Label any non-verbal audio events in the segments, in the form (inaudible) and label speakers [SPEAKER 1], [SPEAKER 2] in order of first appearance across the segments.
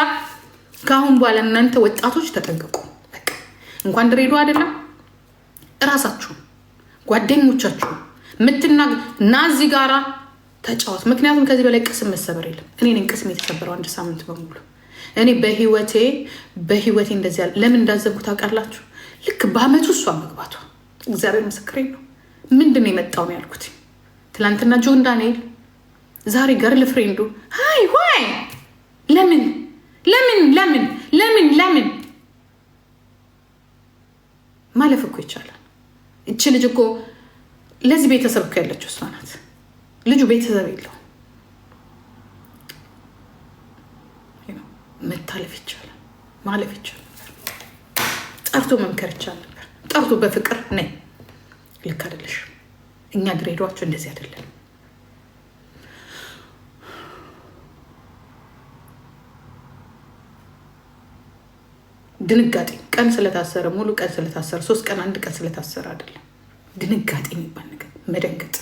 [SPEAKER 1] በኋላ ከአሁን በኋላ እናንተ ወጣቶች ተጠንቀቁ። እንኳን ድሬዳዋ አይደለም እራሳችሁ ጓደኞቻችሁ ምትና እና እዚህ ጋራ ተጫወት። ምክንያቱም ከዚህ በላይ ቅስም መሰበር የለም። እኔ ነኝ ቅስም የተሰበረው አንድ ሳምንት በሙሉ እኔ በህይወቴ በህይወቴ እንደዚህ ያለ ለምን እንዳዘብኩ ታውቃላችሁ? ልክ በአመቱ እሷ መግባቷ እግዚአብሔር ምስክሬ ነው። ምንድን ነው የመጣው ነው ያልኩት። ትላንትና ጆን ዳንኤል፣ ዛሬ ገርል ፍሬንዱ ሀይ ሆይ ለምን ለምን ለምን ለምን ለምን ማለፍ እኮ ይቻላል። እቺ ልጅ እኮ ለዚህ ቤተሰብ እኮ ያለችው እሷ ናት። ልጁ ቤተሰብ የለው። መታለፍ ይቻላል፣ ማለፍ ይቻላል። ጠርቶ መምከር ይቻል ነበር። ጠርቶ በፍቅር ነይ ልክ አይደለሽ። እኛ ድሬዳዋችሁ እንደዚህ አይደለም። ድንጋጤ ቀን ስለታሰረ ሙሉ ቀን ስለታሰረ ሶስት ቀን አንድ ቀን ስለታሰረ አይደለም። ድንጋጤ የሚባል ነገር መደንገጥ፣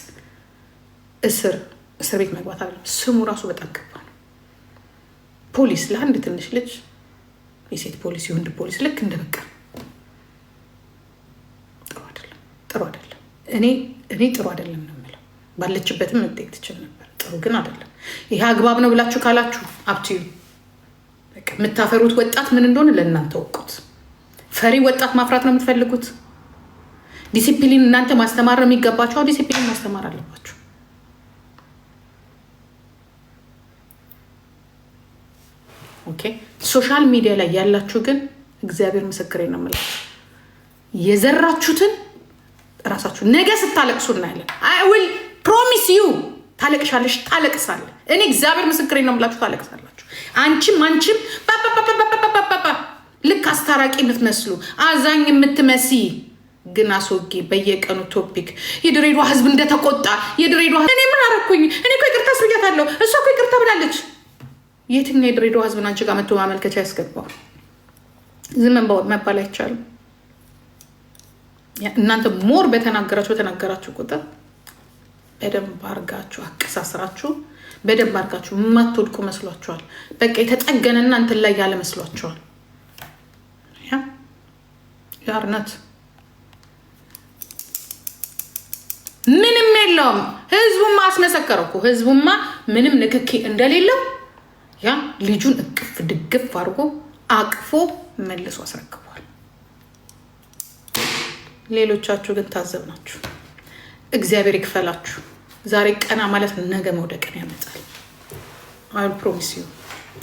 [SPEAKER 1] እስር እስር ቤት መግባት አለ ስሙ ራሱ በጣም ከባድ ነው። ፖሊስ ለአንድ ትንሽ ልጅ የሴት ፖሊስ የወንድ ፖሊስ ልክ እንደ በቃ ጥሩ አይደለም፣ ጥሩ አይደለም። እኔ እኔ ጥሩ አይደለም ነው የምለው። ባለችበትም መጠየቅ ትችል ነበር። ጥሩ ግን አይደለም። ይሄ አግባብ ነው ብላችሁ ካላችሁ አብትዩ የምታፈሩት ወጣት ምን እንደሆነ ለእናንተ ወቁት። ፈሪ ወጣት ማፍራት ነው የምትፈልጉት። ዲሲፕሊን እናንተ ማስተማር ነው የሚገባቸው። ዲሲፕሊን ማስተማር አለባቸው። ኦኬ ሶሻል ሚዲያ ላይ ያላችሁ ግን እግዚአብሔር ምስክሬ ነው የምላችሁ የዘራችሁትን እራሳችሁ ነገ ስታለቅሱ እናያለን። አይ ዊል ፕሮሚስ ዩ ታለቅሻለሽ፣ ታለቅሳለ። እኔ እግዚአብሔር ምስክሬ ነው የምላችሁ ታለቅሳላችሁ። አንቺም አንቺም ልክ አስታራቂ የምትመስሉ አዛኝ የምትመሲ ግን አስወጌ በየቀኑ ቶፒክ የድሬዷ ህዝብ እንደተቆጣ የድሬዳዋ እኔ ምን አረኩኝ? እኔ እኮ ይቅርታ አስብያታለሁ። እሷ እኮ ይቅርታ ብላለች። የትኛው የድሬዶ ህዝብን አንቺ ጋር መቶ ማመልከቻ ያስገባው? ዝም መባል አይቻልም። እናንተ ሞር በተናገራችሁ በተናገራችሁ ቁጥር በደንብ አርጋችሁ አቀሳስራችሁ በደንብ አድርጋችሁ የማትወድቁ መስሏችኋል። በቃ የተጠገነና እንትን ላይ ያለ መስሏችኋል። ያርነት ምንም የለውም። ህዝቡማ አስመሰከረኩ ህዝቡማ ምንም ንክኪ እንደሌለው ያ ልጁን እቅፍ ድግፍ አድርጎ አቅፎ መልሶ አስረክቧል። ሌሎቻችሁ ግን ታዘብናችሁ። እግዚአብሔር ይክፈላችሁ። ዛሬ ቀና ማለት ነው፣ ነገ መውደቅን ያመጣል። አይ ፕሮሚስ ዩ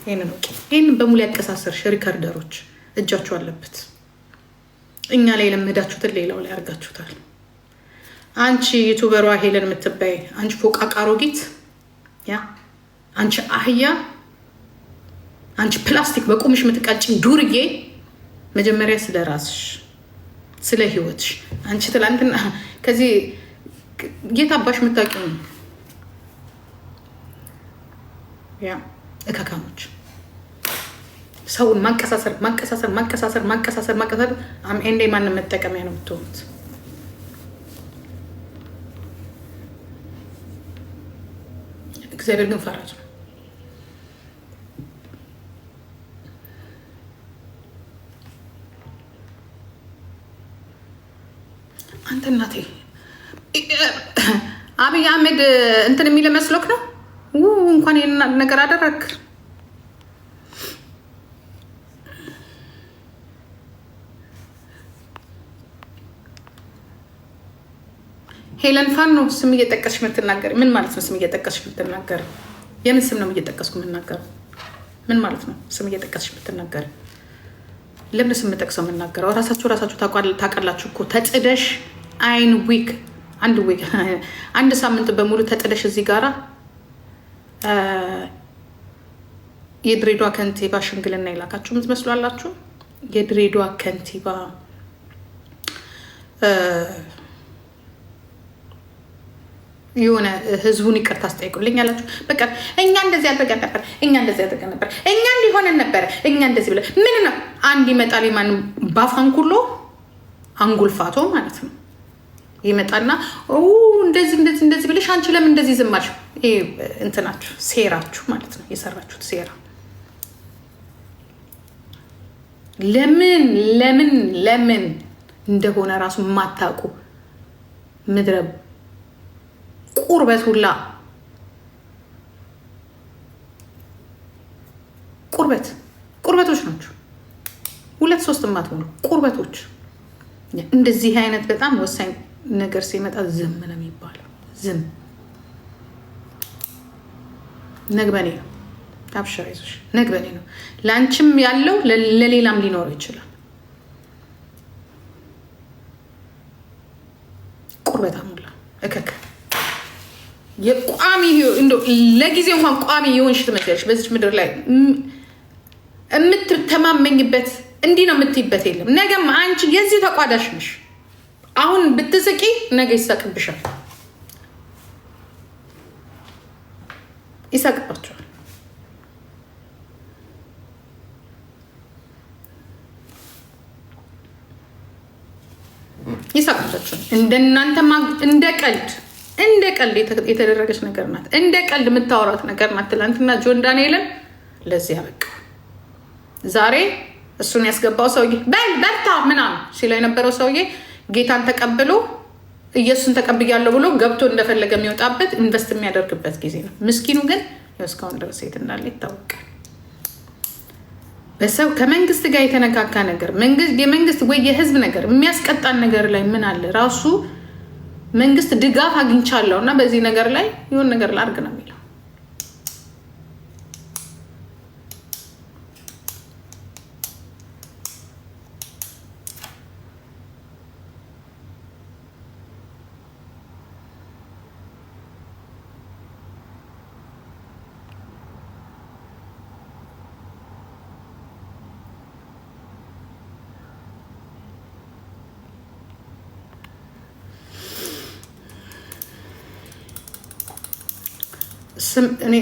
[SPEAKER 1] ይህንን ወቂ። ይህን በሙሉ ያቀሳሰርሽ ሪከርደሮች እጃችሁ አለበት። እኛ ላይ የለመዳችሁትን ሌላው ላይ ያርጋችሁታል። አንቺ ዩቱበሯ ሄለን የምትባይ አንቺ ፎቃቃ አሮጊት፣ ያ አንቺ አህያ፣ አንቺ ፕላስቲክ በቁምሽ የምትቃጭኝ ዱርዬ፣ መጀመሪያ ስለ ራስሽ ስለ ህይወትሽ አንቺ ትላንትና ከዚህ ጌታ አባሽ የምታውቂው ነው። ያ እከካሞች ሰውን ማቀሳሰር ማቀሳሰር ማቀሳሰር ማቀሳሰር ማንቀሳሰር እንዴ ማንም መጠቀሚያ ነው የምትሆኑት። እግዚአብሔር ግን ፈራጅ ነው። አንተ እናቴ አብይ አህመድ እንትን የሚል መስሎክ ነው። ውይ እንኳን ይህን ነገር አደረግ። ሄለን ፋን ነው ስም እየጠቀስሽ የምትናገር ምን ማለት ነው? ስም እየጠቀስሽ የምትናገር የምን ስም ነው እየጠቀስኩ የምናገር? ምን ማለት ነው? ስም እየጠቀስሽ የምትናገር ለምን ስም ጠቅሰው የምናገረው? ራሳችሁ ራሳችሁ ታውቃላችሁ እኮ ተጽደሽ አይን ዊክ አንድ ወይ (laughs) አንድ ሳምንት በሙሉ ተጥለሽ እዚህ ጋራ የድሬዷ ከንቲባ ሽምግልና የላካችሁ ምትመስሏላችሁ። የድሬዷ ከንቲባ የሆነ ህዝቡን ይቅርታ አስጠይቁልኝ ያላችሁ፣ በቃ እኛ እንደዚህ አድርገን ነበር፣ እኛ እንደዚህ አድርገን ነበር፣ እኛ እንዲሆነን ነበረ፣ እኛ እንደዚህ ብለን ምን ነው አንድ ይመጣል። ማንም ባፋንኩሎ አንጉልፋቶ ማለት ነው ይመጣና እንደዚህ እንደዚህ እንደዚህ ብለሽ አንቺ ለምን እንደዚህ ዝም አልሽ? እንትናችሁ ሴራችሁ ማለት ነው የሰራችሁት ሴራ ለምን ለምን ለምን እንደሆነ እራሱ የማታውቁ ምድረ ቁርበት ሁላ ቁርበት ቁርበቶች ናቸው። ሁለት ሶስት ማትሆኑ ቁርበቶች እንደዚህ አይነት በጣም ወሳኝ ነገር ሲመጣ ዝም ነው የሚባለው። ዝም ነግበኔ ነው። አብሽር ይዞሽ ነግበኔ ነው። ለአንቺም ያለው ለሌላም ሊኖረው ይችላል። ቁርበታ ሙላ እከክ የቋሚ ለጊዜ እንኳን ቋሚ የሆንሽ ትመስያለሽ በዚች ምድር ላይ የምትተማመኝበት እንዲህ ነው የምትይበት የለም። ነገም አንቺ የዚህ ተቋዳሽ ነሽ። አሁን ብትስቂ ነገ ይሳቅብሻል፣ ይሳቅባቸዋል። ይሳቅባቸዋል። እንደናንተ እንደ ቀልድ እንደ ቀልድ የተደረገች ነገር ናት። እንደ ቀልድ የምታወራት ነገር ናት። ትላንትና ጆን ዳንኤልን ለዚህ ያበቃ ዛሬ እሱን ያስገባው ሰውዬ በል በርታ ምናምን ሲለው የነበረው ሰውዬ ጌታን ተቀብሎ ኢየሱስን ተቀብያለሁ ብሎ ገብቶ እንደፈለገ የሚወጣበት ኢንቨስት የሚያደርግበት ጊዜ ነው። ምስኪኑ ግን እስካሁን ድረስ የት እንዳለ ይታወቃል። በሰው ከመንግስት ጋር የተነካካ ነገር የመንግስት ወይ የህዝብ ነገር የሚያስቀጣን ነገር ላይ ምን አለ ራሱ መንግስት ድጋፍ አግኝቻለሁ እና በዚህ ነገር ላይ ይሁን ነገር ላርግ ነው የሚለው እኔ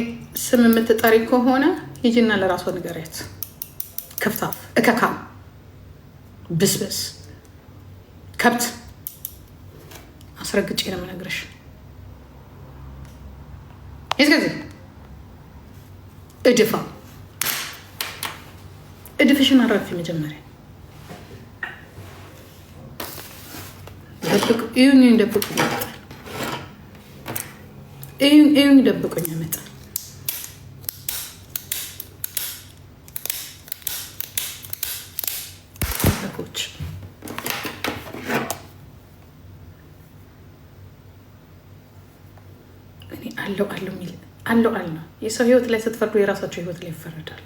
[SPEAKER 1] ስም የምትጠሪ ከሆነ ሂጂና ለራሷ ንገሪያት። ክፍታፍ፣ እከካም፣ ብስብስ፣ ከብት አስረግጬ ነው የምነግርሽ። የትገዚህ እድፋ እድፍሽን አረፊ መጀመሪያ ይሁኝ እንደብቁ እዩኝ ደብቆኝ ያመጣል። አለው አለው የሚል አለው የሰው ህይወት ላይ ስትፈርዱ የራሳቸው ህይወት ላይ ይፈረዳል።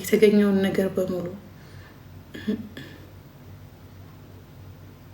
[SPEAKER 1] የተገኘውን ነገር በሙሉ